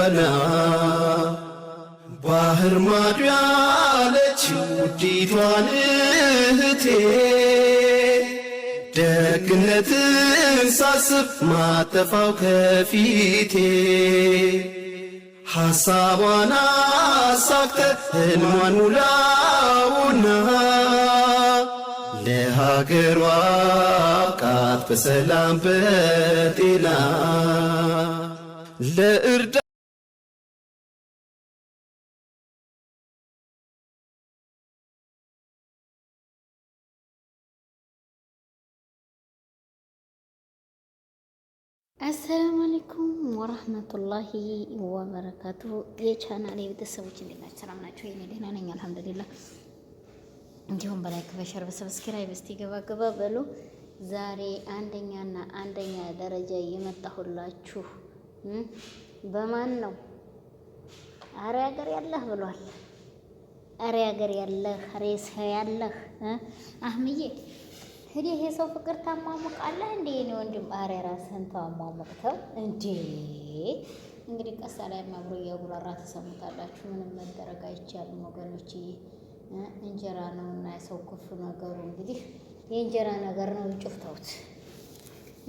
ፈና ባህር ማዶ ያለች ውዲቷን እህቴ ደግነትን ሳስብ ማጠፋው ከፊቴ ሐሳቧን አሳክተ ሕልሟን ሙላውና ለሀገሯ አብቃት በሰላም በጤና ለእርዳ አሰላሙ አለይኩም ወራህመቱላሂ ወበረካቱ። የቻናል የቤተሰቦች እንዴት ናችሁ? ሰላም ናቸው። እኔ ደህና ነኝ አልሐምዱሊላህ። እንዲሁም በላይክ በሸር በሰብስክራይብ እስቲ ገባ ገባ በሉ። ዛሬ አንደኛና አንደኛ ደረጃ የመጣሁላችሁ በማን ነው? አረ ያገር ያለህ ብሏል። አረ ያገር ያለህ፣ አረ ያለህ አህምዬ እኔ ይሄ ሰው ፍቅር ታሟሙቃለህ እንዴ? እኔ ወንድም አረ ራስህን ታሟሙቅተው እንዴ። እንግዲህ ቀሳ ላይ አብሮ እያጉራራ ተሰሙታላችሁ። ምንም መደረግ አይቻልም ወገኖች፣ እንጀራ ነው እና የሰው ክፉ ነገሩ እንግዲህ የእንጀራ ነገር ነው። ይጩፍተውት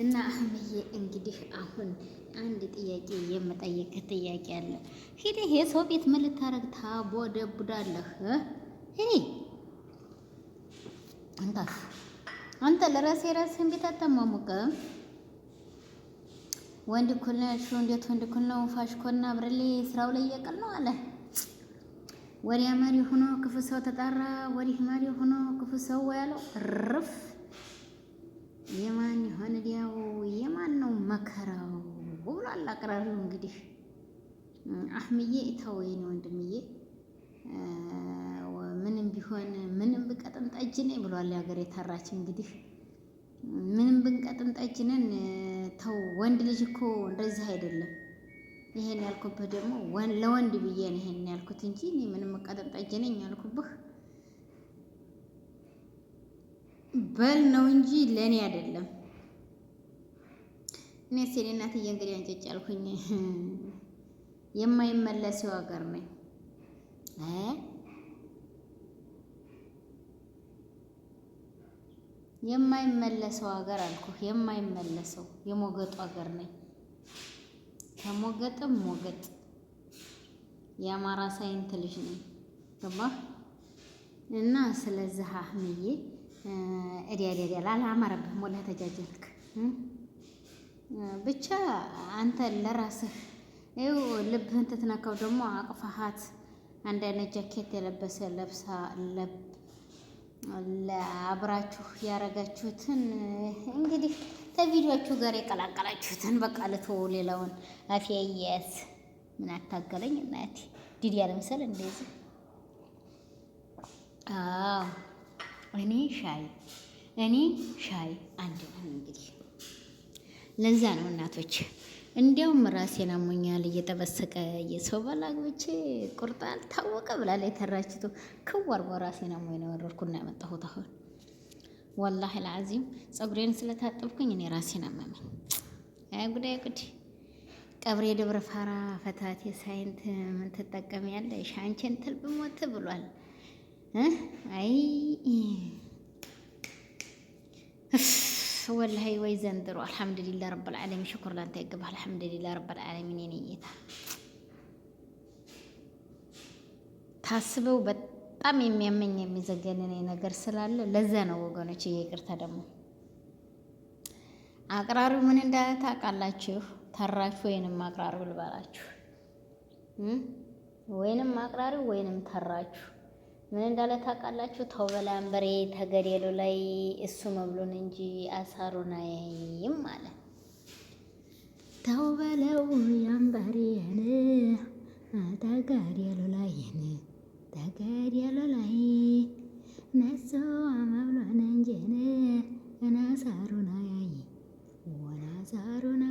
እና አህምዬ እንግዲህ አሁን አንድ ጥያቄ የምጠይቅ ጥያቄ አለ። ይሄ ሰው ቤት ምን ልታረግ ታቦ ደቡዳለህ? ሄ እንታፍ አንተ ለራሴ ራስህ ቤት አታሟሙቅም? ወንድ እኩል ነው ያልሽው እንዴት ወንድ እኩል ነው? ፋሽኮና ብርሌ ስራው ላይ እየቀል ነው አለ። ወዲያ መሪ ሆኖ ክፉ ሰው ተጣራ፣ ወዲህ መሪ ሆኖ ክፉ ሰው ያለው ርፍ የማን ይሆን ዲያው የማን ነው መከራው ብሏል አቅራሪው። እንግዲህ አህምዬ ተወይን ወንድምዬ ምንም ቢሆን ምንም ብቀጥን ጠጅ ነኝ ብሏል የሀገር የታራች እንግዲህ ምንም ብንቀጥን ጠጅ ነን። ተው ወንድ ልጅ እኮ እንደዚህ አይደለም። ይሄን ያልኩብህ ደግሞ ለወንድ ብዬ ነው ይሄን ያልኩት እንጂ ምንም ቀጥን ጠጅ ነኝ ያልኩብህ በል ነው እንጂ ለእኔ አይደለም። እኔ ሴኔ እናትዬ እንግዲህ አንጨጭ ያልኩኝ የማይመለስ ሀገር ነኝ የማይመለሰው ሀገር አልኩህ፣ የማይመለሰው የሞገጡ ሀገር ነኝ። ከሞገጥም ሞገጥ የአማራ ሳይንት ልጅ ነኝ። ገባህ? እና ስለዚህ አህምዬ እዲያዲያዲያ አላማረብህም፣ ሞላ ተጃጀልክ። ብቻ አንተ ለራስህ ይኸው ልብህን ትትነካው ደግሞ አቅፋሃት አንድ አይነት ጃኬት የለበሰ ለብሳ አብራችሁ ያረጋችሁትን እንግዲህ ከቪዲዮችሁ ጋር የቀላቀላችሁትን በቃ ልተው። ሌላውን አፍያያዝ ምን አታገለኝ እናቴ ዲድ ያለ እንደዚህ። አዎ እኔ ሻይ እኔ ሻይ አንድ ነው እንግዲህ ለዛ ነው እናቶች እንዲያውም ራሴን አሞኛል እየተበሰቀ የሰው በላጎቼ ቁርጣ አልታወቀ ብላ ላይ ተራችቶ ክዋር ራሴን አሞኝ ነው ያወረድኩና ያመጣሁት። አሁን ወላሂ ለዓዚም ፀጉሬን ስለታጠብኩኝ እኔ ራሴን አመመኝ። አይ ጉዳይ ጉድ ቀብሬ ደብረ ፋራ ፈታቴ ሳይንት ምን ትጠቀሚያለሽ አንቺን ትል ብሞት ብሏል። አይ ወላሂ ወይ ዘንድሮ አልሐምዱሊላ ረብል ዓለሚን ሽኩር ላንተ ይገባ። አልሐምዱሊላ ረብል ዓለሚን የኔ ታስበው በጣም የሚያመኝ የሚዘገንን ነገር ስላለ ለዛ ነው ወገኖች፣ ይቅርታ ደግሞ አቅራሪው ምን እንዳለ ታውቃላችሁ። ተራችሁ ወይንም አቅራሪው ልበላችሁ ወይንም አቅራሪው ወይንም ተራችሁ ምን እንዳለ ታውቃላችሁ? ተውበላ አንበሬ ተገደሉ ላይ እሱ መብሉን እንጂ አሳሩን አያይም አለ። ተው በለው ያንበሬን ተገደሉ ላይን ተገደሉ ላይ ነሶ መብሉን እንጂን እናሳሩን አያይ ወናሳሩን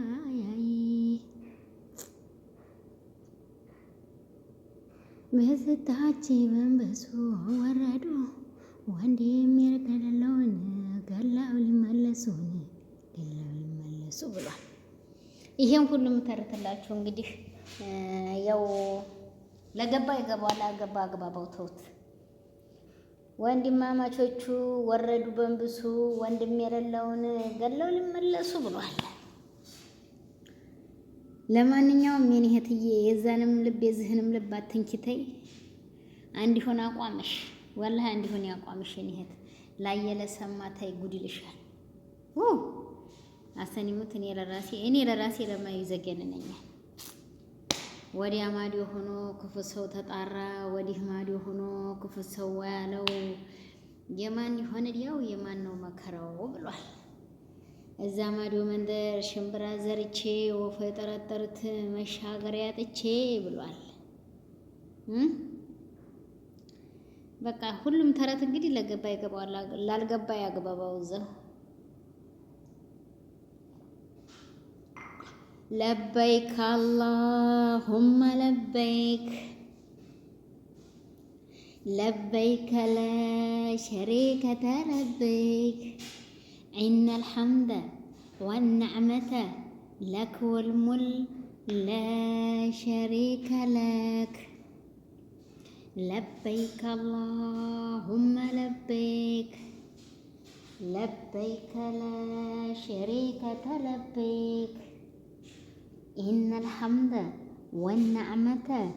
በዝታችበን በሱ ወረዱ ወንድ የሚረከለለውን ገላው ሊመለሱን ገላው ሊመለሱ ብሏል። ይሄን ሁሉ የምተርትላችሁ እንግዲህ ያው ለገባ ይገባው ላገባ አግባባው ተውት። ወንድማማቾቹ ወረዱ በንብሱ ወንድም የሌለውን ገላው ሊመለሱ ብሏል። ለማንኛውም የኔ እህትዬ የዛንም ልብ የዝህንም ልብ አትንኪተይ። እንዲሆን አቋምሽ ወላሂ እንዲሆን ያቋምሽ የኔ እህት ላየለ ሰማታይ ጉድ ይልሻል። አሰኒሙት እኔ ለራሴ እኔ ለራሴ ለማዩ ዘገንነኛል። ወዲያ ማዶ ሆኖ ክፉ ሰው ተጣራ፣ ወዲህ ማዶ ሆኖ ክፉ ሰው ያለው የማን ይሆን እዲያው የማን ነው መከራው ብሏል። እዛ ማዶ መንደር ሽምብራ ዘርቼ ወፍ የጠረጠሩት መሻገሪያ ጥቼ ብሏል። በቃ ሁሉም ተረት እንግዲህ ለገባ ይገባዋል፣ ላልገባ ያግባባው። እዛ ለበይክ አላሁመ ለበይክ ለበይከ ላ ለበይክ إن الحمد والنعمة لك والمل لا شريك لك لبيك اللهم لبيك لبيك لا شريك لبيك إن الحمد والنعمة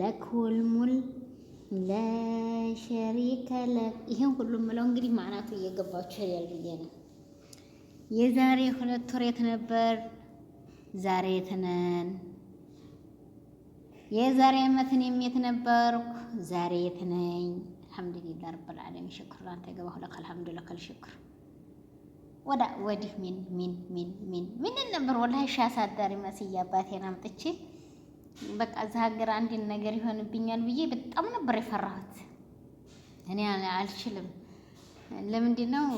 لك والمل لا شريك لك إيهم لهم ملون قريب معناته يقبل شريال بدينا የዛሬ ሁለት ወር የት ነበር? ዛሬ የት ነን? የዛሬ ዓመት እኔም የት ነበርኩ? ዛሬ የት ነኝ? አልሐምዱሊላህ ረብል ዓለሚን ሽክር ላንተ ገባሁ ለከ አልሐምዱ ለከል ሽክር ወዳ ወዲህ ሚን ሚን ሚን ሚን ምን ነበር ወላሂ ሻ አሳዳሪ መስዬ አባቴን አምጥቼ በቃ እዛ ሀገር አንድን ነገር ይሆንብኛል ብዬ በጣም ነበር የፈራሁት። እኔ አልችልም። ለምንድን ነው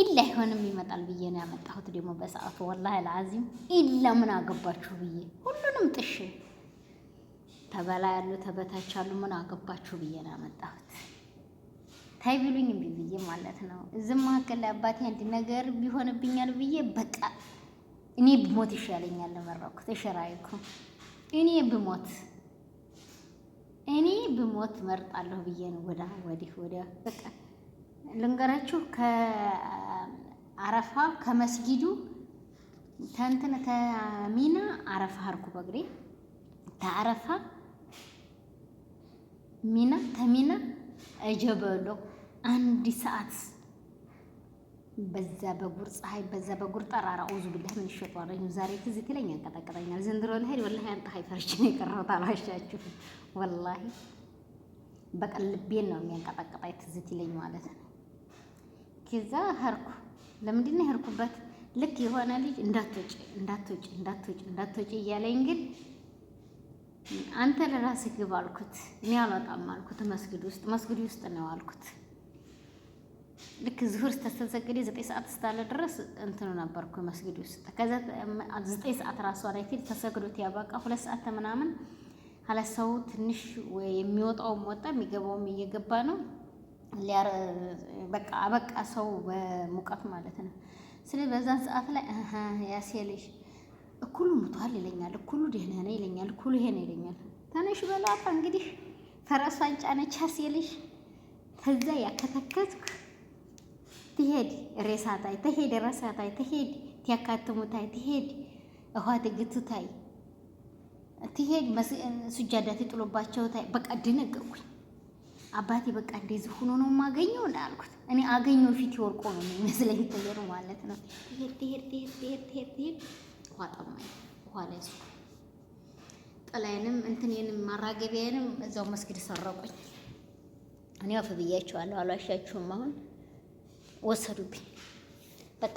ኢላ ይሆንም ይመጣል ብዬ ነው ያመጣሁት። ደግሞ በሰዓቱ ወላሂ አልዓዚም ኢላ ምን አገባችሁ ብዬ ሁሉንም ጥሽ ተበላ ያሉ ተበታች ያሉ ምን አገባችሁ ብዬ ነው ያመጣሁት። ታይ ቢሉኝ እምቢ ብዬ ማለት ነው። እዚህ መካከል ላይ አባቴ አንድ ነገር ቢሆንብኛል ብዬ በቃ እኔ ብሞት ይሻለኛል ለመረኩት እሽራይኩ እኔ ብሞት እኔ ብሞት መርጣለሁ ብዬ ነው ወዲህ ወዲህ በቃ ልንገራችሁ ከአረፋ ከመስጊዱ ተንትን ተሚና አረፋ አርኩ በግሬ ተአረፋ ሚና ተሚና እጀበሎ አንድ ሰዓት በዛ በጉር ፀሐይ በዛ በጉር ጠራራ ኡዙ ቢላህ ምን ይሸጧል። ዛሬ ትዝ ትለኝ ያንቀጠቀጠኛል። ዘንድሮ ልሄድ ወላሂ አንተ ሀይፈርችን የቀረሁት አልዋሻችሁ። ወላሂ በቀልቤን ነው የሚያንቀጠቀጣይ ትዝ ትለኝ ማለት ነው። ከዛ ሀርኩ ለምንድን ነው ሄድኩበት? ልክ የሆነ ልጅ እንዳትወጪ እንዳትወጪ እንዳትወጪ እንዳትወጪ እያለኝ ግን አንተ ለራስህ ግብ አልኩት። እኔ አልወጣም አልኩት። መስጊድ ውስጥ መስጊድ ውስጥ ነው አልኩት። ልክ ዙሁር ስተሰገደ ዘጠኝ ሰዓት ስታለ ድረስ እንትኑ ነበርኩ መስጊድ ውስጥ። ከዛ ዘጠኝ ሰዓት ራሷ ላይ ፊል ተሰግዶት ያበቃ ሁለት ሰዓት ምናምን አለ ሰው ትንሽ ወይ የሚወጣውም ወጣ የሚገባውም እየገባ ነው በቃ አበቃ ሰው በሙቀት ማለት ነው። ስለዚህ በዛን ሰዓት ላይ ያሴ ልጅ እኩሉ ሙቷል ይለኛል፣ እኩሉ ደህና ነው ይለኛል፣ እኩሉ ይሄ ነው ይለኛል። ተነሽ በላታ እንግዲህ ፈረሷን ጫነች ያሴ ከዛ ያከተከትክ ትሄድ ሬሳታይ ትሄድ ሬሳታይ ትሄድ ትያካትሙታይ ትሄድ እኋ ትግትታይ ትሄድ ሱጃዳ ትጥሎባቸው ታይ በቃ ድነገርኩኝ። አባቴ በቃ እንደዚህ ሆኖ ነው የማገኘው እንዳልኩት እኔ አገኘው ፊት ወርቆ ነው የሚመስለኝ ተየሩ ማለት ነው። ትሄድ ትሄድ ትሄድ ትሄድ ትሄድ ትሄድ ውሃ ጠማኝ። ውሃ ላይ እሱ ጥላዬንም እንትኔንም ማራገቢያንም እዛው መስጊድ ሰረቁኝ። እኔ አፍ ብያቸዋለሁ፣ አልዋሻችሁም። አሁን ወሰዱብኝ። በቃ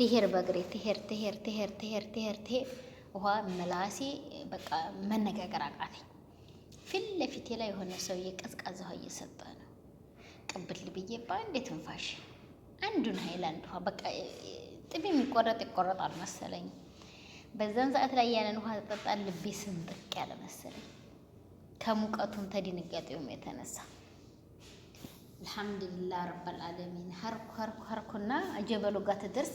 ትሄድ በእግሬ ትሄድ ትሄድ ትሄድ ትሄድ ትሄድ ትሄድ ውሃ መላሴ በቃ መነጋገር አቃተኝ። ፊት ለፊቴ ላይ የሆነ ሰውዬ ቀዝቃዛ ውሃ እየሰጠ ነው። ቅብል ብዬ በአንዴ ትንፋሽ አንዱን ሀይላንድ ውሃ በቃ ጥብ የሚቆረጥ ይቆረጣል መሰለኝ። በዛን ሰዓት ላይ ያንን ውሃ ተጠጣ፣ ልቤ ስንጥቅ ያለ መሰለኝ ከሙቀቱም ተድንጋጤውም የተነሳ አልሐምዱሊላህ ረብል ዓለሚን ሀርኩ ሀርኩ ሀርኩና ጀበሉ ጋር ትደርስ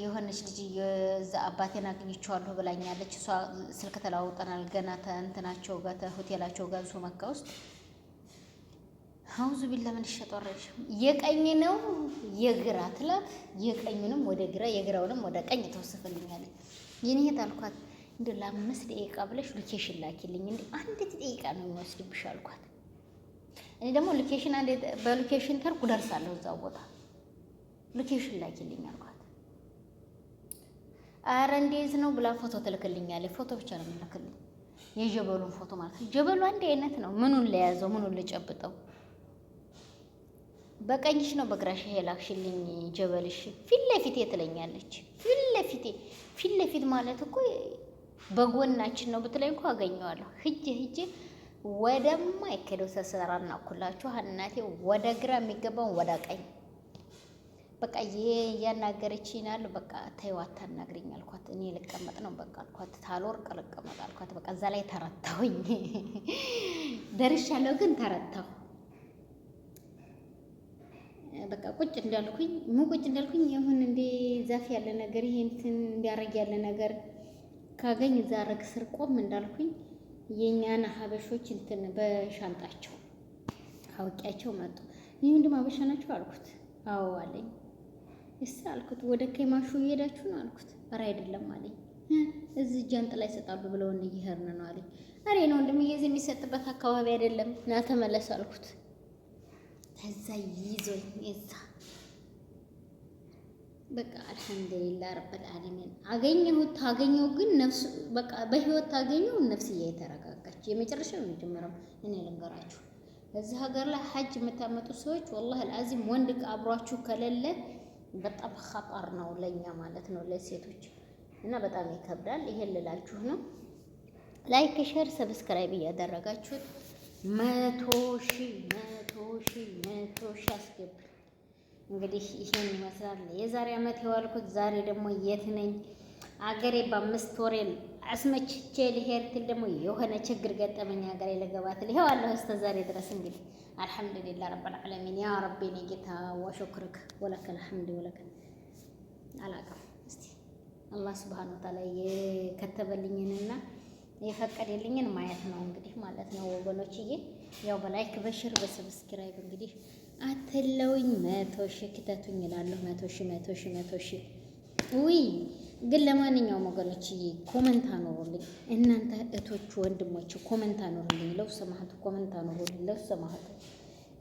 የሆነች ልጅ የዛ አባቴን አግኝቼዋለሁ ብላኛለች። እሷ ስልክ ተለዋውጠናል። ገና ተእንትናቸው ጋር ተሆቴላቸው ጋር እሱ መካ ውስጥ አውዙ ቢላ ምን ሸጦረች። የቀኝ ነው የግራ ትላ የቀኝንም ወደ ግራ የግራውንም ወደ ቀኝ ተወስፈልኛለች። ይህን ይሄት አልኳት። እንደ ለአምስት ደቂቃ ብለሽ ሎኬሽን ላኪልኝ፣ እንደ አንዲት ደቂቃ ነው የሚወስድብሽ አልኳት። እኔ ደግሞ ሎኬሽን በሎኬሽን ተርኩ ደርሳለሁ እዛው ቦታ ሎኬሽን ላኪልኝ አልኳት። አረ እንዴት ነው ብላ ፎቶ ትልክልኛለች። ፎቶ ብቻ ነው የምልክልኝ የጀበሉን ፎቶ ማለት ነው። ጀበሉ አንድ አይነት ነው። ምኑን ለያዘው ምኑን ልጨብጠው? በቀኝሽ ነው በግራሽ ሄላክሽልኝ ጀበልሽ ፊት ለፊቴ ትለኛለች። ፊት ለፊቴ ፊት ለፊት ማለት እኮ በጎናችን ነው ብትለኝ እኮ አገኘዋለሁ። ሂጅ ሂጅ ወደማ ይከደው ተሰራና እኩላችሁ እናቴ ወደ ግራ የሚገባውን ወደ ቀኝ በቃ እያናገረችኝ አለ። በቃ ተይው አታናግሪኝ አልኳት። እኔ ልቀመጥ ነው በቃ አልኳት። ታልወርቅ ልቀመጥ አልኳት። በቃ እዛ ላይ ተረታሁኝ። ደርሻለሁ ግን ተረታሁ። በቃ ቁጭ እንዳልኩኝ ምን ቁጭ እንዳልኩኝ ይሁን እንደ ዛፍ ያለ ነገር ይሄ እንትን እንዲያረግ ያለ ነገር ካገኝ እዛ ረግ ስር ቆም እንዳልኩኝ የእኛን ሀበሾች እንትን በሻንጣቸው አውቂያቸው መጡ። ይህ ምንድም አበሻ ናቸው አልኩት። አዎ አለኝ። እስቲ አልኩት። ወደ ኬማሹ እየሄዳችሁ ነው አልኩት። ኧረ አይደለም አለኝ። እዚህ ጃንጥላ ይሰጣሉ ብለውን እየሄድን ነው አለኝ። ኧረ ነው ወንድም እየዚህ የሚሰጥበት አካባቢ አይደለም፣ ና ተመለስ አልኩት። ከዛ ይዞኝ እዛ በቃ አልሐምዱሊላህ ረብል ዓለሚን አገኘሁት። ታገኘው ግን ነፍሱ በቃ በህይወት ታገኘው ነፍስ የተረጋጋች የመጨረሻው የመጀመሪያው እኔ ልንገራችሁ፣ እዚህ ሀገር ላይ ሀጅ የምታመጡ ሰዎች ወላሂ አልዓዚም ወንድ አብሯችሁ ከሌለ በጣም ኸጣር ነው ለእኛ ማለት ነው ለሴቶች እና በጣም ይከብዳል። ይሄን ልላችሁ ነው። ላይክ ሼር ሰብስክራይብ እያደረጋችሁት መቶ ሺ መቶ ሺ መቶ ሺ አስገብ። እንግዲህ ይሄን ይመስላል የዛሬ አመት የዋልኩት። ዛሬ ደግሞ የት ነኝ አገሬ በአምስት ወሬን አስመችቼ ልሄድ ትል ደግሞ የሆነ ችግር ገጠመኝ ሀገሬ ልገባት ልሄው አለሁ እስከ ዛሬ ድረስ እንግዲህ አልሐምዱሊላህ ረብ አልዓለሚን ያ ረቢ ኔ ጌታ ወሽክርክ ወለከል ሐምድ ወለከል አላቅም እስቲ አላህ ስብሓን ወተዓላ የከተበልኝንና የፈቀደልኝን ማየት ነው እንግዲህ ማለት ነው ወገኖችዬ። ያው በላይክ በሽር በሰብስክራይብ እንግዲህ አትለውኝ መቶ ሺህ ክተቱኝ ይላለሁ። መቶ ሺህ መቶ ሺህ መቶ ሺህ ውይ ግን ለማንኛውም ወገኖች ኮመንት አኖሩልኝ። እናንተ እህቶች ወንድሞች ኮመንት አኖሩልኝ። ለው ሰማህቱ ኮመንት አኖሩልኝ። ለው ሰማህቱ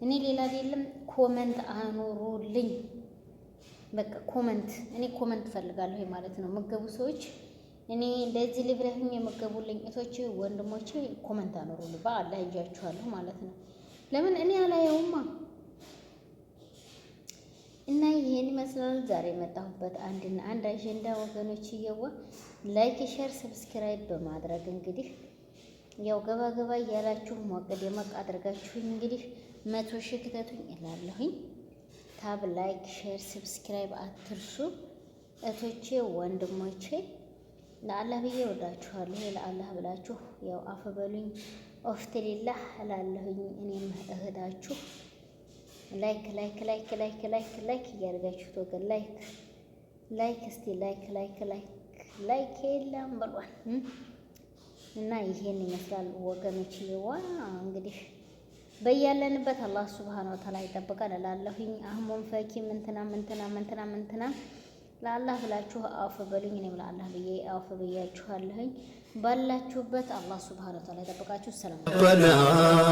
እኔ ሌላ የለም ኮመንት አኖሩልኝ። በቃ ኮመንት እኔ ኮመንት ፈልጋለሁ ማለት ነው። መገቡ ሰዎች እኔ እንደዚህ ልብለህም የመገቡልኝ እህቶች ወንድሞቼ ኮመንት አኖሩልኝ። በአላህ እጃችኋለሁ ማለት ነው። ለምን እኔ አላየውማ እና ይሄን ይመስላል ዛሬ የመጣሁበት አንድና አንድ አጀንዳ ወገኖች፣ እየዋ ላይክ፣ ሼር፣ ሰብስክራይብ በማድረግ እንግዲህ ያው ገባ ገባ እያላችሁ ሞቅ ደመቅ አድርጋችሁኝ እንግዲህ መቶ ሺህ ክተቱኝ እላለሁኝ። ታብ ላይክ፣ ሼር፣ ሰብስክራይብ አትርሱ እቶቼ ወንድሞቼ። ለአላህ ብዬ ወዳችኋለሁ። ለአላህ ብላችሁ ያው አፈበሉኝ ኦፍትሊላህ እላለሁኝ እኔም እህዳችሁ ላይክ ላይክ ላይክ ላይክ ላይክ ላይክ እያደረጋችሁት ወገን ላይክ ላይክ እስቲ ላይክ ላይክ ላይክ ላይክ የለም ብሏል እና ይሄን ይመስላል ወገኖች። ዋ እንግዲህ በያለንበት አላህ ሱብሃነሁ ወተዓላ ይጠብቀን እላለሁኝ። አህሙን ፈኪም ምንትና ምንትና ምንትና ምንትና ለአላህ ብላችሁ አውፍ በሉኝ። እኔም ለአላህ ብዬ አውፍ ብያችኋለሁኝ። ባላችሁበት አላህ ሱብሃነሁ ወተዓላ ይጠብቃችሁ። ሰላም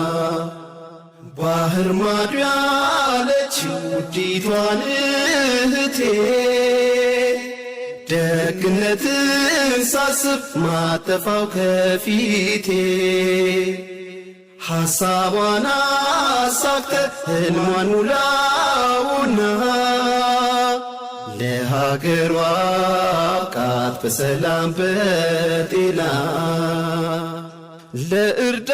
ባህር ማዶ ያለችው ውዲቷን እህቴ ደግነትን ሳስብ ማጠፋው ከፊቴ ሐሳቧን አሳክተ ህልሟን ውላውና ለሀገሯ አብቃት በሰላም በጤና ለእርዳ